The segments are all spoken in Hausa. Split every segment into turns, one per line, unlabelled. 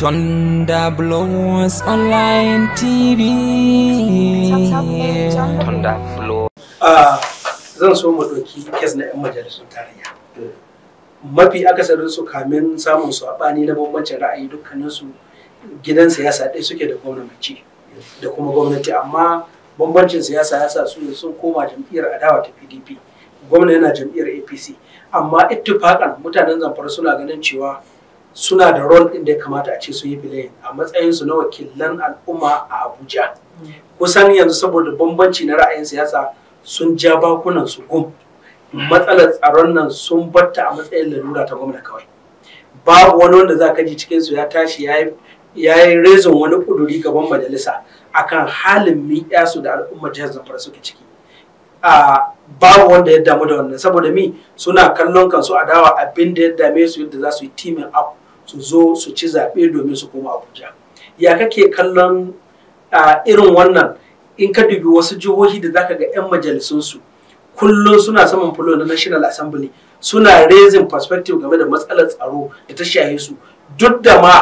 Thunder Blows Online TV. Thunder Blows. Ah, zan so mu ɗauki kes na 'yan majalisun tarayya. Mafi akasarin su kamin samun su abani na bambancin ra'ayi dukkaninsu gidan siyasa ɗaya suke da gwamnati da kuma gwamnati amma bambancin siyasa ya sa su sun koma jam'iyyar adawa ta PDP. Gwamna yana jam'iyyar APC. Amma ittifaƙan mutanen zamfara suna ganin cewa suna da rol ɗin da ya kamata a ce su yi bilayin a matsayinsu na wakilan al'umma a abuja mm. kusan yanzu saboda bambanci na ra'ayin siyasa sun ja bakunan su gum matsalar tsaron nan sun batta a matsayin lalura ta gwamna kawai babu wani wanda za ka ji cikin su ya tashi ya yi rezon wani kuduri gaban majalisa akan halin miƙa su da al'ummar jihar zamfara suke ciki a babu wanda ya damu da wannan saboda mi suna kallon kansu a dawa abin da ya dame su yadda za su yi timin up su zo su ci zaɓe domin su koma abuja ya kake kallon a irin wannan in ka dubi wasu jihohi da zaka ga 'yan majalisunsu kullum suna saman fulo na national assembly suna raising perspective game da matsalar tsaro da ta shahe su duk da ma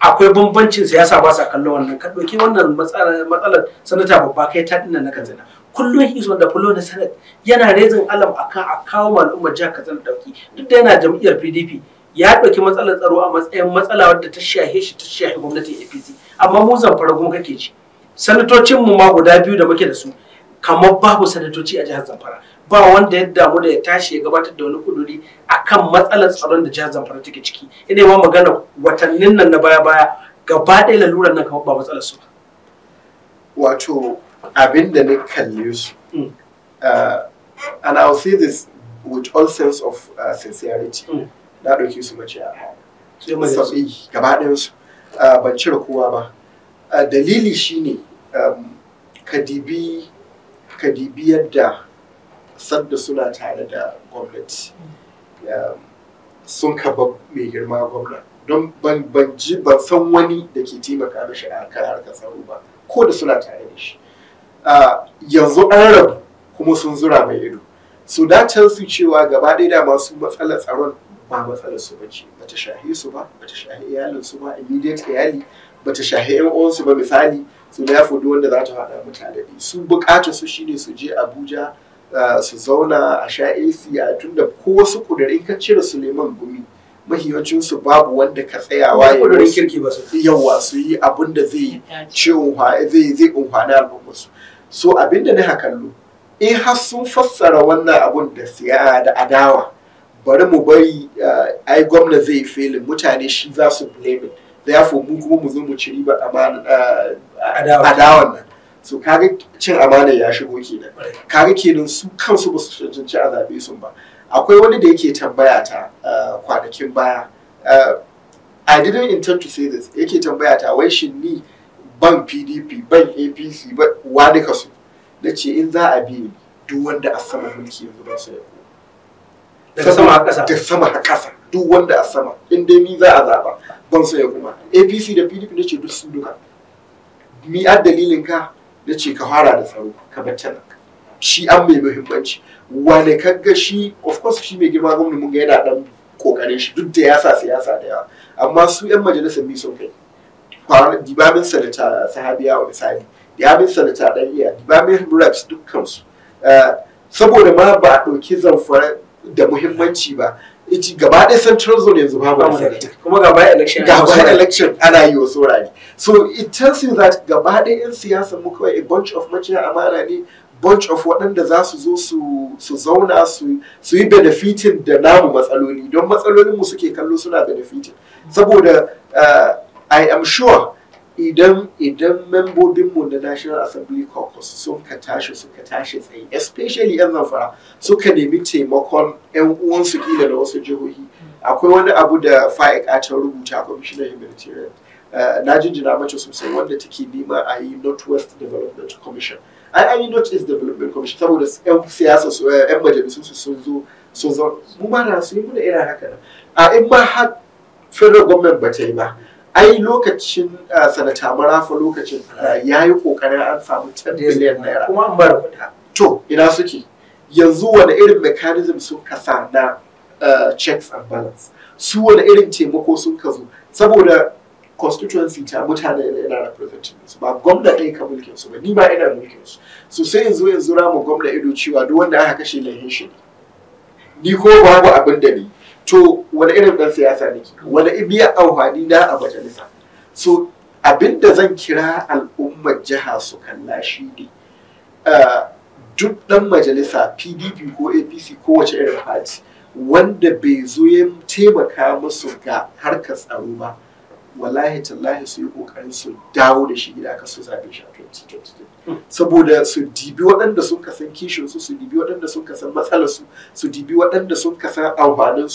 akwai bambancin siyasa ba sa kallon wannan ka wannan matsalar sanata babba kai ta dina na katsina kullum he's so da fulo na senate yana raising alam akan a kawo al'ummar jihar da dauki duk da yana jam'iyyar pdp ya ɗauki matsalar tsaro a matsayin matsala wadda ta shahe shi ta shahe gwamnatin APC amma mu zamfara kuma kake ji sanatocin mu ma guda biyu da muke da su kamar babu sanatoci a jihar Zamfara ba wanda ya damu da ya tashi ya gabatar da wani kuduri akan matsalar tsaron da jihar Zamfara take ciki ina ma magana watannin nan na baya baya gaba ɗaya lalurar nan kamar ba matsalar su wato abin da na kalli su mm. uh, and
I will say this with all sense of uh, sincerity mm. na ɗauke su maciya sai gaba ɗayansu ban cire kowa ba dalili shine um, kadibi kadibi yadda sadda suna tare da gwamnati um, sun kaba mai girma gwamna don ban ban san wani da ke taimaka mishi a kan harkar tsaro ba ko da suna tare da shi yanzu an rabu kuma sun zura mai ido su da su cewa gaba ɗaya da masu matsalar tsaron ba matsalar su bace bata shahe su ba bata shahe iyalin su ba immediate iyali bata shahe yan uwansu ba misali su da duk wanda za ta haɗa mutane da su su shine su je Abuja su zauna a sha AC a tunda ko wasu kudirin ka cire Suleiman Gumi mahiyancin su babu wanda ka tsayawa ya kudirin kirki ba su yawa su yi abin zai ce zai zai umfani su so abinda na hakallo in har sun fassara wannan abun da siya da adawa bari mu bari eh, ai gwamna zai filin, mutane shi za su blame therefore mu kuma mu zo mu ci riba eh, adawan nan so kaga cin amana ya shigo kenan kaga kenan su kansu ba su cancanci a zabe sun ba akwai wani da yake tambaya ta eh, kwanakin baya I didn't intend to say this yake tambaya ta wai shin ni ban PDP ban APC ba wani su. na ce in za a bi duk wanda a sama mulki yanzu ba su yi daga sama har kasa da sama har duk wanda a sama in dai ni za a zaba ban so ya kuma apc da pdp na ce duk sun duka mi a dalilin ka na ce ka fara da tsaro ka nan. shi an mai muhimmanci wane kaga shi of course shi mai girma gwamnati mun ga yana dan kokarin shi duk da ya sa siyasa da yawa amma su yan majalisar bi sun kai kwanan dibamin sanata sahabiya wa misali dibamin sanata dan iya dibamin reps dukkan su eh, saboda ma ba a ɗauki zamfara da muhimmanci ba ici gaba ɗaya central zone yanzu babu wani kuma gaba ɗaya election gaba ɗaya election ana yi wasu wurare so it tells you that gaba ɗaya yan siyasa mu kawai a bunch of maciya amana ne bunch of waɗanda za su zo su zauna su yi benefitin da namu matsaloli don matsalolinmu suke kallo suna benefitin saboda uh, i am sure idan idan membobinmu na national assembly caucus sun ka tashi suka tashi tsaye especially yan zamfara suka nemi taimakon yan uwansu kila da wasu jihohi akwai wani abu da fa'i ta rubuta commissioner humanitarian eh, na jinjina mace sosai wanda take nema a yi northwest development commission an an yi East development commission saboda yan siyasa su eh, yan majalisu su sun zo sun zo mu ba na su yi muna irin haka a in ma har federal government ba ta yi ba ai lokacin ah, sanata marafa lokacin ah, ya yi kokarin an samu 10 biliyan naira kuma an bar kuɗa to ina suke yanzu wani irin mechanism sun kasa na ah, checks and balance su wani irin taimako sun ka zo saboda constituency ta mutane da ina representing su ba gwamna ɗaya ka mulkin su ba ni ba ina mulkin su so sai yanzu yanzu ramu gwamna ido cewa duk wanda aka kashe lahin shi ni ko babu abin da ni to wani irin dan siyasa nake wani biya amfani na a majalisa so abinda zan kira al'ummar jiha su kalla shi ne eh, duk dan majalisa pdp ko apc ko wace irin party wanda bai zo ya taimaka musu ga harkar tsaro ba wallahi tallahi su yi kokarin su dawo da shi gida ka so zabe shi a 2022 saboda su dibi waɗanda sun kasan kishin su su dibi waɗanda sun kasan matsalar su su dibi waɗanda sun kasan amfanin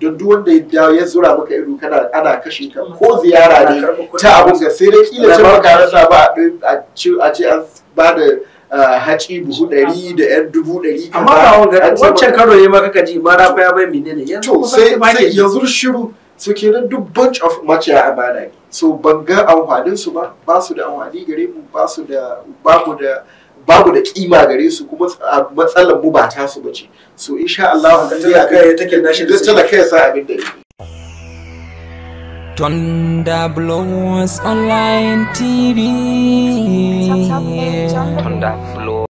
duk wanda ya zura maka ido kana ana kashe ka ko ziyara ne ta abun ga sai dai kila ce maka rasa ba a ce an ba da haci buhu ɗari da yan dubu ɗari amma ba wanga wancan karo ne maka kaji ma rafa ya bai menene yanzu sai sai yanzu shiru ke nan duk bunch of maciya amana ne so ban ga amfanin su ba ba su da amfani gare mu ba su da ba mu da babu da kima gare su kuma ah, matsalar mu ba ta su bace so insha Allah hakan ya kai take nashi da talaka kai sa abin da yake
Blows Online TV Tonda Blows